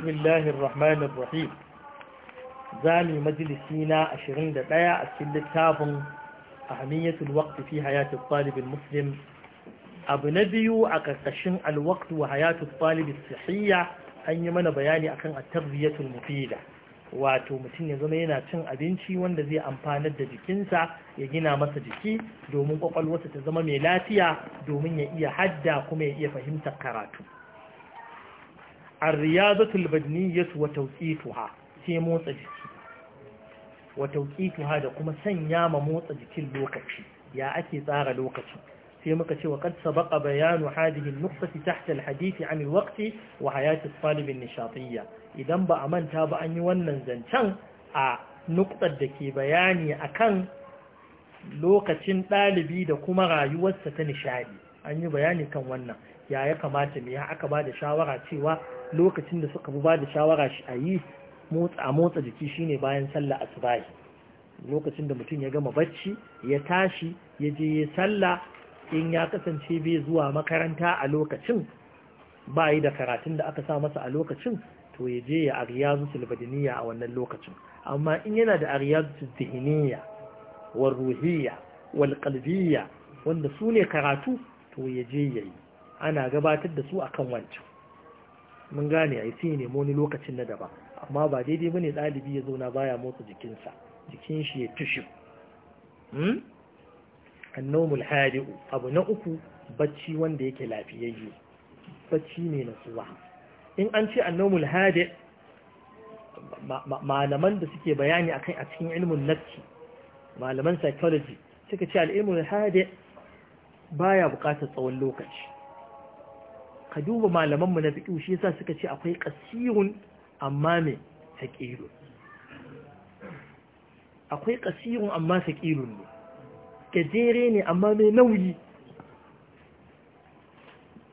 بسم الله الرحمن الرحيم زامي a أشغل دقايا أسل التافن أهمية الوقت في حياة الطالب المسلم أبنبيو أكتشن الوقت وحياة الطالب الصحية أن يمن بياني أكن التغذية المفيدة wato mutum ya zama yana cin abinci wanda zai amfanar da jikinsa ya gina masa jiki domin kwakwalwarsa ta zama mai lafiya domin ya iya hadda kuma ya iya fahimtar karatu arriyadatul badniyatu wa tawqituha sai motsa jiki wa tawqituha da kuma sanya ma motsa jikin lokaci ya ake tsara lokaci sai muka ce wa qad sabaqa bayanu hadhihi an-nuqtati tahta al-hadith 'an al-waqti wa hayat al-talib an idan ba a manta ba an yi wannan zancen a da ke bayani akan lokacin ɗalibi da kuma rayuwarsa ta nishadi an yi bayani kan wannan ya ya kamata mai aka ba da shawara cewa lokacin da suka fi ba da shawara shi a yi a motsa jiki shine bayan sallah a asubahi lokacin da mutum ya gama bacci ya tashi ya je ya sallah in ya kasance bai zuwa makaranta a lokacin ba yi da karatun da aka sa masa a lokacin to ya je ya ariyazu silbadiniya a wannan lokacin amma in yana da ariyazu zihiniya wal ruhiyya wanda su ne karatu to ya je yayi ana gabatar da su akan wancan mun gane a yi ya nemi wani lokacin na daba amma ba daidai ba ne ɗalibi ya zauna baya motsa jikinsa jikin shi ya tushe hmm? annomul hadi'u abu na uku bacci wanda yake lafiyayye bacci ne na suwa in an ce annomul hadi malaman da suke bayani akan a cikin ilmin nafsi malaman psychology suka ce al-ilmul hadi baya bukatar tsawon lokaci ka duba malamanmu na fiƙi shi yasa suka ce akwai ƙasirun amma mai faƙilu akwai ƙasirun amma faƙilun ne gajere ne amma mai nauyi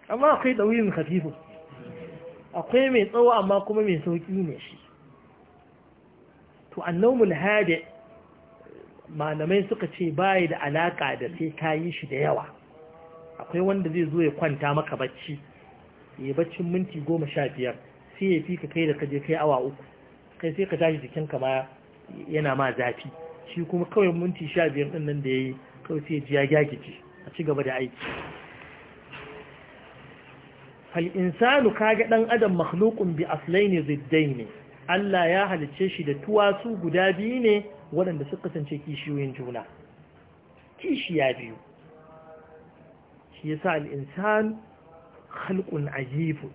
amma akwai ɗauyin hafifu akwai mai tsawo amma kuma mai sauƙi ne shi to annaumul haɗe malamai suka ce bayi da alaƙa da sai ka yi shi da yawa akwai wanda zai zo ya kwanta maka bacci ya baccin minti goma sha biyar sai ya fi ka kai da kaje kai awa uku kai sai ka tashi jikin ka ma yana ma zafi shi kuma kawai minti sha biyar din nan da ya yi kawai sai ya ji ya gyagice a ci gaba da aiki fal insanu kaga dan adam makhluqun bi aslaini ziddaini Allah ya halicce shi da tuwasu guda biyu ne waɗanda suka kasance kishiyoyin juna kishiya biyu shi yasa al khalqun ajibu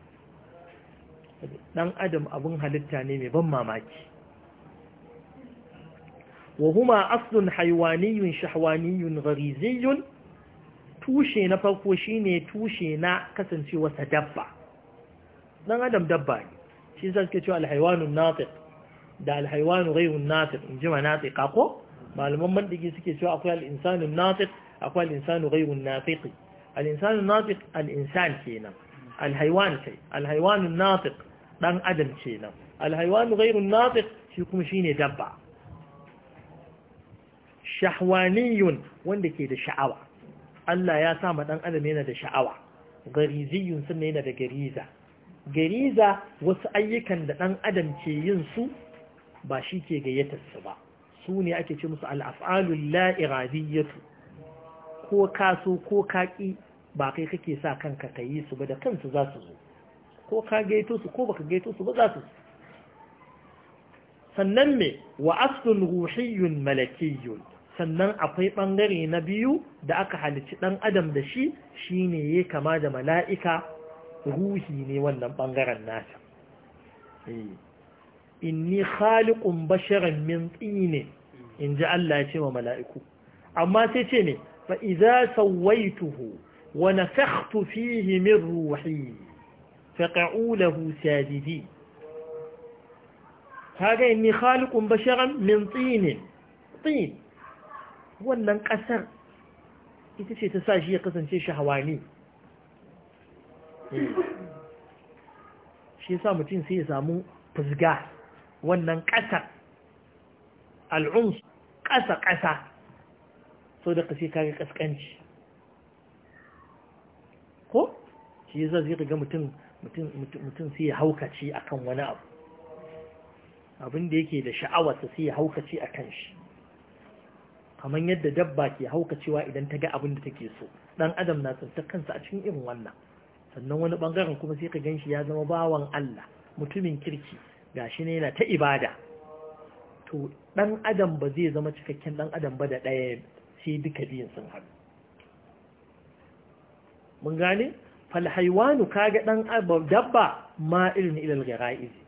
dan adam abun halitta ne mai ban mamaki wa huma aslun haywaniyun shahwaniyun ghariziyun tushe na farko shine tushe na kasancewa sa dabba dan adam dabba ne shi zan ce cewa alhaywanun natiq da alhaywanu ghayrun natiq in jima natiqa ko malaman mandigi suke cewa akwai al'insanun natiq akwai al'insanun ghayrun natiqi al'insanu nafiq al'insan kenan alhaiwan kai alhaiwanun nafiq dan adam kenan alhaiwanu ghairun nafiq shi kuma shine dabba shahwaniyun wanda ke da sha'awa Allah ya sa ma dan adam yana da sha'awa gariziyun sannan yana da gariza gariza wasu ayyukan da dan adam ke yin su ba shi ke gayyatar su ba su ne ake ce musu al'af'alul la iradiyatu ko ka so ko ka ƙi ba kai kake sa kanka ka yi su ba da kansu za su zo ko ka gaito su ko baka gaito su ba za su zo sannan me wa aslun ruhiyyun malakiyyun sannan akwai bangare na biyu da aka halici dan adam da shi shine ya kama da mala'ika ruhi ne wannan bangaren nasa eh. inni khaliqun basharan min tinin in Allah ya ce wa mala'iku amma sai ce ne فإذا سويته ونفخت فيه من روحي فقعوا له ساجدين هذا إني خالق بشرا من طين طين wannan ƙasar ita ce ta sa shi ya kasance shahawani shi sa mutum sai ya samu fuzga wannan ƙasar ƙasa-ƙasa Sau da ka sai kaga kaskanci ko shi yi zai ga mutum sai ya haukace akan wani abu abin da yake da sha'awar sa sai ya haukace akan shi kamar yadda dabba ke haukacewa idan ta ga abin da take so dan adam na tsantar kansa a cikin irin wannan sannan wani bangaren kuma sai ka gan shi ya zama bawan Allah mutumin kirki ga shi ne yana ta ibada to dan adam ba zai zama cikakken dan adam ba da ɗaya sai duka biyun sun haɗu mun gane falhaiwanu kaga ɗan dabba ma irin ilal gara'izi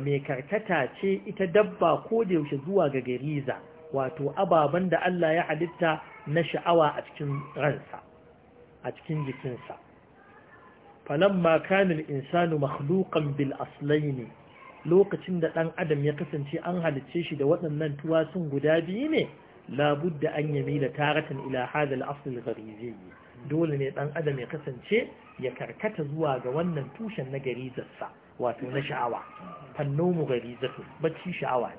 mai karkata ce ita dabba ko da yaushe zuwa ga gariza wato ababen da Allah ya halitta na sha'awa a cikin ransa a cikin jikinsa falamma kanil insanu makhluqan bil ne lokacin da ɗan adam ya kasance an halicce shi da waɗannan sun guda biyu ne labudda an da taratan ila hadha asl al dole ne dan adam ya kasance ya karkata zuwa ga wannan tushen na garizarsa wato na sha'awa fannomu garizatu bacci sha'awa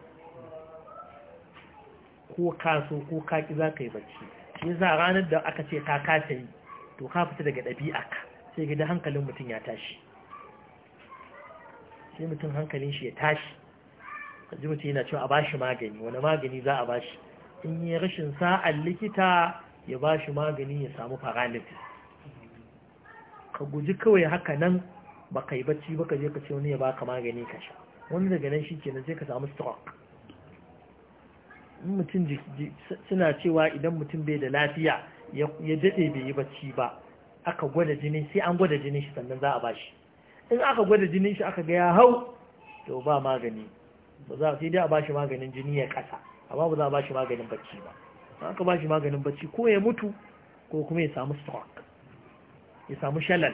ko ka so ko ka za ka bacci shi yasa ranar da aka ce ka kasa yi to ka fita daga ɗabi'a ka sai ga hankalin mutum ya tashi sai mutum hankalin shi ya tashi kaji mutum yana cewa a bashi magani wani magani za a bashi in yi rashin sa'an likita ya ba shi magani ya samu paralysis ka guji kawai haka nan ba ka yi bacci ba ka je ka ce wani ya ba ka magani ka sha wani daga nan shi kenan sai ka samu stroke mutum suna cewa idan mutum bai da lafiya ya dade bai yi bacci ba aka gwada jini sai an gwada jini shi sannan za a ba shi in aka gwada jini shi aka ga ya hau to ba magani ba za a sai dai a ba shi maganin jini ya kasa. amma ba za a ba shi maganin bacci ba ba ka ba shi maganin bacci ko ya mutu ko kuma ya samu stroke ya samu shalal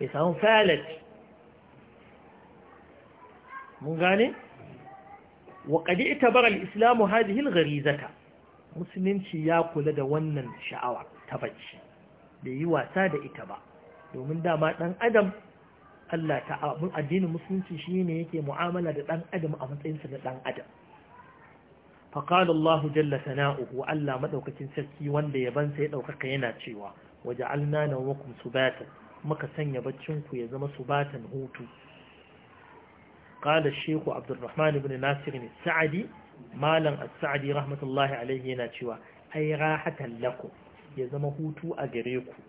ya samu fallet mun gane wa ita bar al-islamu hadhihi al-gharizata musulunci ya kula da wannan sha'awa ta bacci da yi wasa da ita ba domin dama dan adam Allah ta addinin musulunci shine yake mu'amala da dan adam a matsayinsa da dan adam فقال الله جل ثناؤه وألا مدوكة سكي وان دي يبنسي دوكك يناتشيوا وجعلنا نومكم سباتا مكا سنيا بچنكو يزم سباتا هوتو قال الشيخ عبد الرحمن بن ناصر السعدي مالا السعدي رحمة الله عليه يناتشيوا أي راحة لكم يزم هوتو أجريكم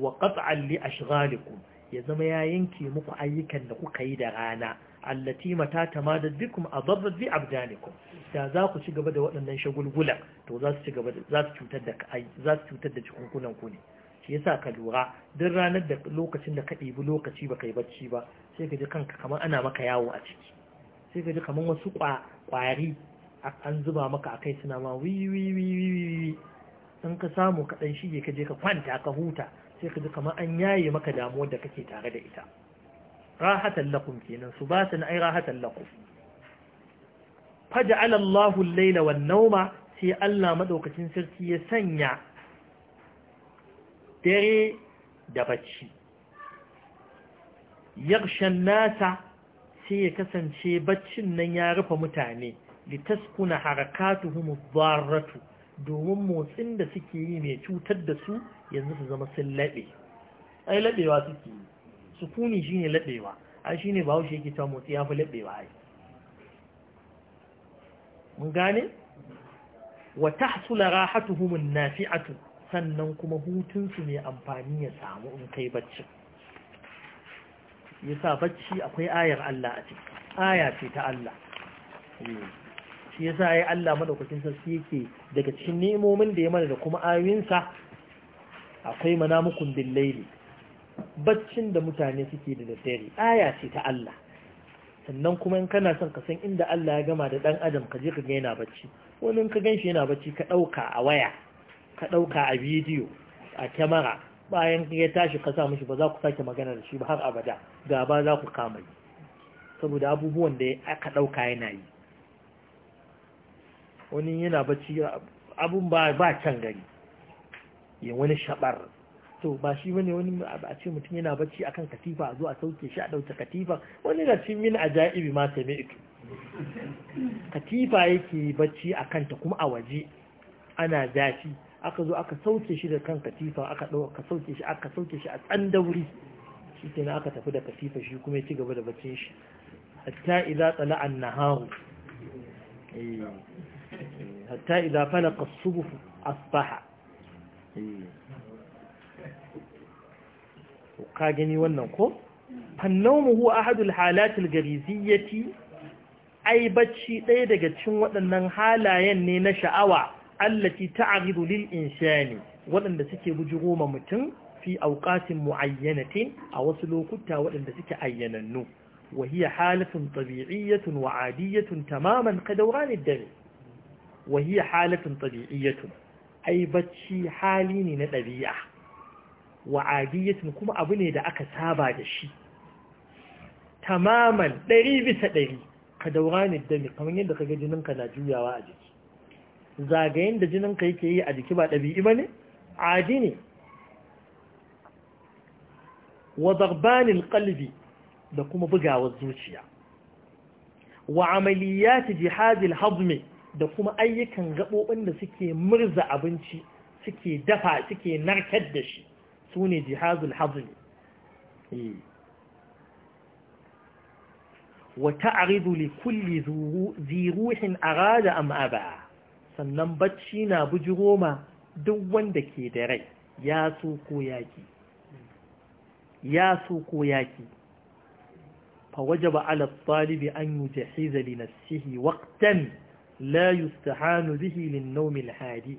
وقطعا لأشغالكم يزم يا ينكي مكو أيكا نكو قيد غانا allati mata da bikum adarrat bi abdanikum da za ku ci gaba da waɗannan shagulgula to za su ci gaba za su cutar da za su cutar da cikunkunan ku ne shi yasa ka lura duk ranar da lokacin da ka ɗibi lokaci ba kai bacci ba sai ka ji kanka kamar ana maka yawo a ciki sai ka ji kamar wasu ƙwari an zuba maka a kai suna ma wiwiwiwiwi in ka samu kaɗan shige ka je ka kwanta ka huta sai ka ji kamar an yaye maka damuwar da kake tare da ita rahatan lakum kenan subatan ai rahatan lakum faja'ala Allahu al-layla wan-nawma sai Allah madaukakin sarki ya sanya dare da bacci yakshan nasa sai ya kasance baccin nan ya rufe mutane litaskuna harakatuhum ad-darratu domin motsin da suke yi mai cutar da su yanzu su zama sun laɓe ai laɓewa suke yi sukuni shine laɓewa ai shine ba haushe yake ta motsi ya fi laɓewa ai mun gane wa tahsula rahatuhum nafi'atu sannan kuma hutunsu ne amfani ya samu in kai bacci sa bacci akwai ayar Allah a ciki aya ce ta Allah eh. shi sa ya Allah madaukakin sassi yake daga cikin nemomin da ya mana da kuma ayoyinsa akwai mana manamukun billaili baccin da mutane suke da daddare aya ce ta Allah sannan kuma in kana son ka san inda Allah ya gama da dan adam ka je ka ga yana bacci wani in ka ganshi yana bacci ka dauka a waya ka dauka a bidiyo a kyamara bayan ya tashi ka sa mishi ba za ku sake magana da shi ba har abada gaba za ku kama yi saboda abubuwan da aka dauka yana yi wani yana bacci abun ba ba can gari ya wani shabar to ba shi bane wani a ce mutum yana bacci akan katifa a zo a sauke shi a dauke katifa wani na cin min ajaibi ma sai mai ito katifa yake bacci a kanta kuma a waje ana zafi aka zo aka sauke shi da kan katifa aka ɗauka sauke shi aka sauke shi a tsandauri shi kenan aka tafi da katifa shi kuma ya ci gaba da baccin shi hatta idza tsala an-nahar eh. hatta idza falaqa as-subh asbaha eh. ka gani wannan ko fannaumu huwa ahadul halatil gariziyyati ai bacci ɗaya daga cikin waɗannan halayen ne na sha'awa allati ta'ridu lil insani waɗanda suke bujiro ma mutum fi auqatin muayyanatin a wasu lokuta waɗanda suke ayyanannu wa hiya halatun tabi'iyyatun wa adiyatun tamaman kadawran ad dare? wa hiya halatun tabi'iyyatun ai bacci hali ne na ɗabi'a wa adiyatin kuma abu ne da aka saba da shi tamaman ɗari bisa ɗari ka daura ni dami kamar yadda ka ga jininka na juyawa a jiki zagayen da jininka yake yi a jiki ba ɗabi'i ba ne adi ne wa zarbanin ƙalbi da kuma bugawar zuciya wa amaliyati jihadil hazmi da kuma ayyukan gaɓoɓin da suke murza abinci suke dafa suke narkar da shi su ne jihazul hazmi وتعرض لكل ذي روح أراد أم أبا sannan bacci na bujiroma ma duk wanda ke da rai ya so ko yaki ya so ko yaki fa wajaba ala talibi an yujahiza li nasihi waktan la yustahanu bihi lin hadi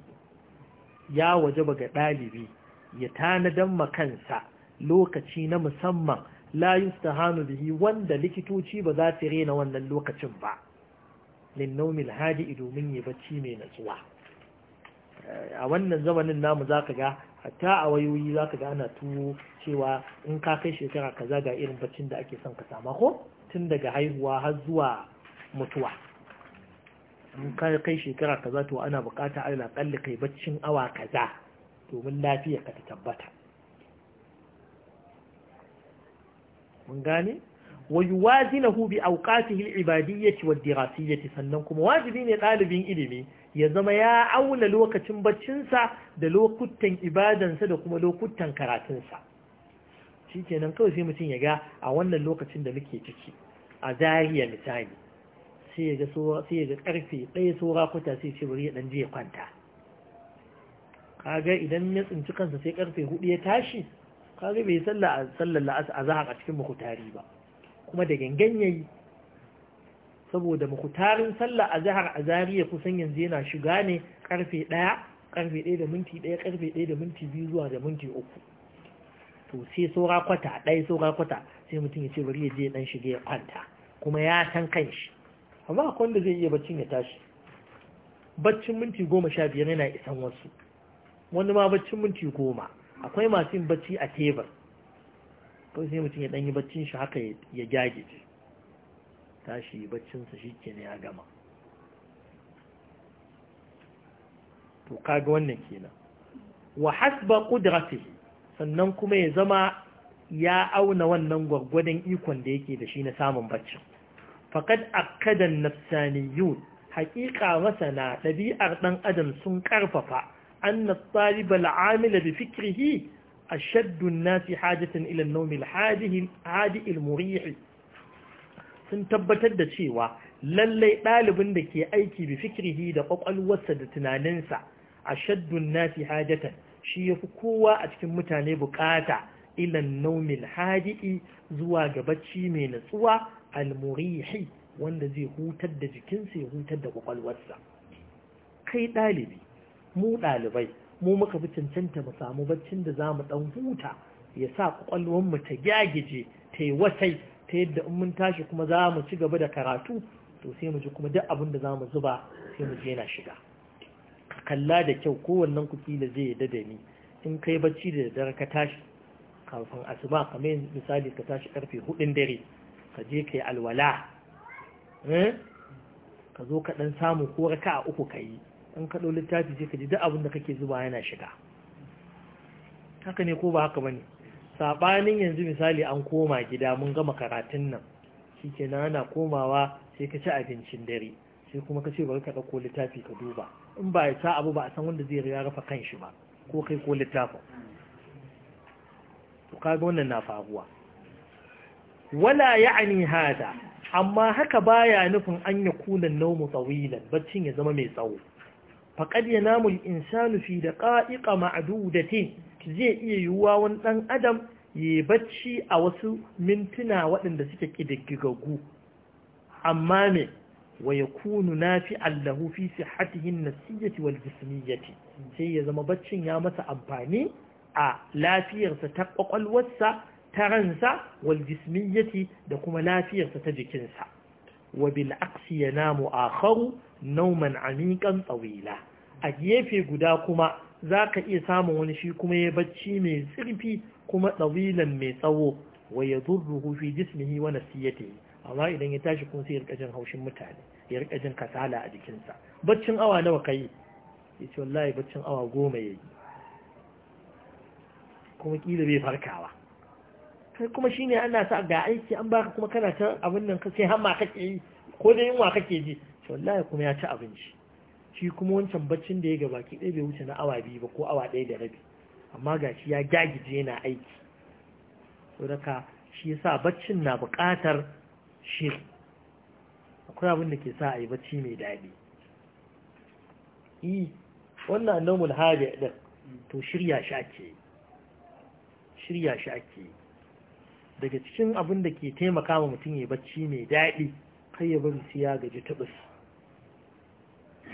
ya wajaba ga ɗalibi. ya tanadan makansa lokaci na musamman la yustahanu bihi wanda likitoci ba za su rena wannan lokacin ba lin naumil hadi domin ya bacci mai natsuwa eh, a wannan zamanin namu zaka ga hatta a wayoyi zaka ga ana tuwo cewa in ka kai shekara kaza ga irin baccin da ake son ka sama ko tun daga haihuwa har zuwa mutuwa in ka kai shekara kaza to ana bukata Allah kalli kai baccin awa kaza domin lafiya ka ta tabbata mun gane wa yuwazinahu bi awqatihi al-ibadiyyati wad-dirasiyyati sannan kuma wajibi ne dalibin ilimi ya zama ya auna lokacin baccinsa da lokutan ibadansa da kuma lokutan karatunsa shikenan kawai sai mutum ya ga a wannan lokacin da muke ciki a zariya misali sai yaga sai ya ga karfe ɗaya saura kuta sai ce bari ya dan je kwanta kaga idan ya tsinci kansa sai karfe hudu ya tashi kaga bai salla a sallar la'as a zaha a cikin mukutari ba kuma da gangan yayi saboda mukutarin sallah a zahar a zariya kusan yanzu yana shiga ne karfe ɗaya karfe ɗaya da minti ɗaya karfe ɗaya da minti biyu zuwa da minti uku to sai saura kwata ɗaya saura kwata sai mutum ya ce bari ya je ɗan shige ya kwanta kuma ya san kanshi amma akwai wanda zai iya baccin ya tashi baccin minti goma sha biyar yana isan wasu wani ma baccin minti goma akwai masu yin bacci a tebur ko sai mutum ya ɗanyi baccin shi haka ya gyagije tashi baccinsa shi ke ya gama to kaga wannan kenan wa hasba qudratihi sannan kuma ya zama ya auna wannan gwargwadon ikon da yake da shi na samun baccin faqad akkada an-nafsaniyun haqiqa masana dabi'ar dan adam sun karfafa أن الطالب العامل بفكره أشد الناس حاجة إلى النوم الهادئ المريح sun tabbatar da cewa lallai ɗalibin da ke aiki bi fikirhi da ƙwaƙwalwarsa da tunaninsa a shaddun nasi hajatan shi ya fi kowa a cikin mutane buƙata, ilan naumin hadi'i zuwa ga bacci mai natsuwa almurihi wanda zai hutar da jikinsa ya hutar da ƙwaƙwalwarsa kai ɗalibi mu ɗalibai mu muka fi cancanta mu samu baccin da zamu mu ɗan huta ya sa mu ta gyagije ta yi wasai ta yadda in mun tashi kuma za mu ci gaba da karatu to sai mu ji kuma duk abin da za mu zuba sai mu je na shiga ka kalla da kyau ko wannan kila zai yadda da ni in kai bacci da dare ka tashi kafin asuba kamar misali ka tashi karfe hudun dare ka je ka yi alwala eh? ka zo ka dan samu ko raka uku ka yi in ka littafi sai ka ji duk abin da kake zuba yana shiga haka ne ko ba haka bane sabanin yanzu misali an koma gida mun gama karatun nan shikenan ana komawa sai ka ci abincin dare sai kuma ka ce bari ka ɗauko littafi ka duba in ba ya sa abu ba a san wanda zai riga rafa kanshi ba ko kai ko littafin to kaga wannan na faruwa wala ya'ni hada amma haka baya nufin an yakuna nawmu tawilan baccin ya zama mai tsawo faƙad ya namun insanu fi da ƙa'iƙa ma'adudatin zai iya yiwuwa wani ɗan adam ya bacci a wasu mintuna waɗanda suke ƙididdigaggu amma me wa ya kunu na fi allahu fi sihatihin nasiyyati wal jismiyyati sai ya zama baccin ya masa amfani a lafiyarsa ta ƙwaƙwalwarsa ta ransa wal da kuma lafiyarsa ta jikinsa wa bil aksi yanamu akharu nauman amikan tsawila a gefe guda kuma za ka iya samun wani shi kuma ya bacci mai tsirfi kuma tsawilan mai tsawo wa ya zurruhu fi jismihi wa nasiyatihi amma idan ya tashi kuma sai ya rika jin haushin mutane ya rika jin kasala a jikinsa baccin awa nawa kai ya wallahi baccin awa goma ya yi kuma kila bai farkawa kai kuma shine ana sa ga aiki an baka kuma kana ta abin nan sai hamma kake yi ko da yunwa kake ji to wallahi kuma ya ci abinci shi kuma wancan baccin da ya ga baki ɗaya bai wuce na awa biyu ba ko awa ɗaya da rabi amma ga shi ya gagije yana aiki saboda shi yasa baccin na buƙatar shiri akwai abin da ke sa a yi bacci mai daɗi yi eh, wannan annabul hajji ɗin to shirya shi ake shirya shi ake yi daga cikin abin da ke taimaka wa mutum ya bacci mai daɗi kai ya bari sai ya gaji taɓus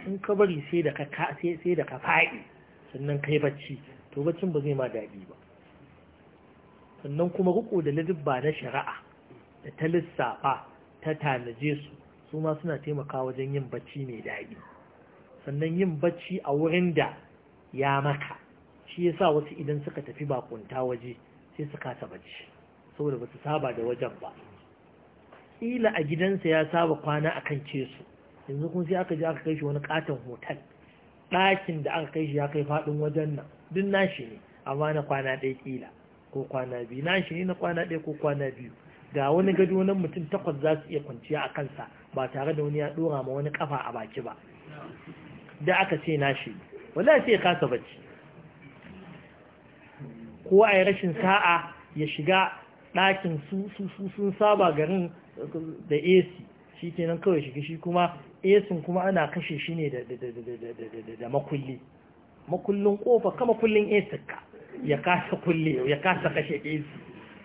in ka bari sai da ka sai da ka faɗi sannan kai bacci to baccin ba zai ma daɗi ba sannan kuma riko da ladibba na shari'a da ta lissafa ta tanaje su su ma suna taimaka wajen yin bacci mai daɗi sannan yin bacci a wurin da ya maka shi yasa wasu idan suka tafi bakunta waje sai su kasa bacci saboda ba su saba da wajen ba ƙila a gidansa ya saba kwana a kan cesu yanzu kun sai aka je aka kai shi wani katon hotel ɗakin da aka kai shi ya kai faɗin wajen nan duk nashi ne amma na kwana ɗaya ƙila ko kwana biyu nashi ne na kwana ɗaya ko kwana biyu ga wani gado nan mutum takwas za su iya kwanciya a kansa ba tare da wani ya ɗora ma wani ƙafa a baki ba da aka ce nashi wala sai ya kasa bacci ko a yi rashin sa'a ya shiga ɗakin su sun saba garin da ac shi kenan kawai shiga shi kuma ac kuma ana kashe shi ne da makulli makullin kofa kama kullin ac ka ya kasa kulle ya kasa kashe ac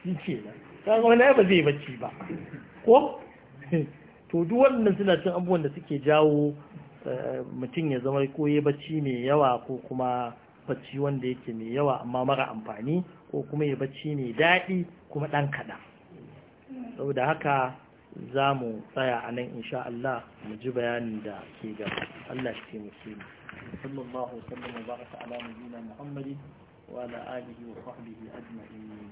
shi kenan kaga wani ba zai bacci ba ko to duk wannan suna cin abubuwan da suke jawo eh, mutum ya zama ko ya bacci mai yawa ko kuma bacci wanda yake mai yawa amma mara amfani ko kuma ya bacci mai daɗi kuma ɗan kaɗan saboda haka za mu tsaya a nan insha Allah mu ji bayanin da ke gaba Allah shi taimake mu sallallahu wa sallam wa baraka ala nabiyyina muhammadin wa ala alihi wa sahbihi ajma'in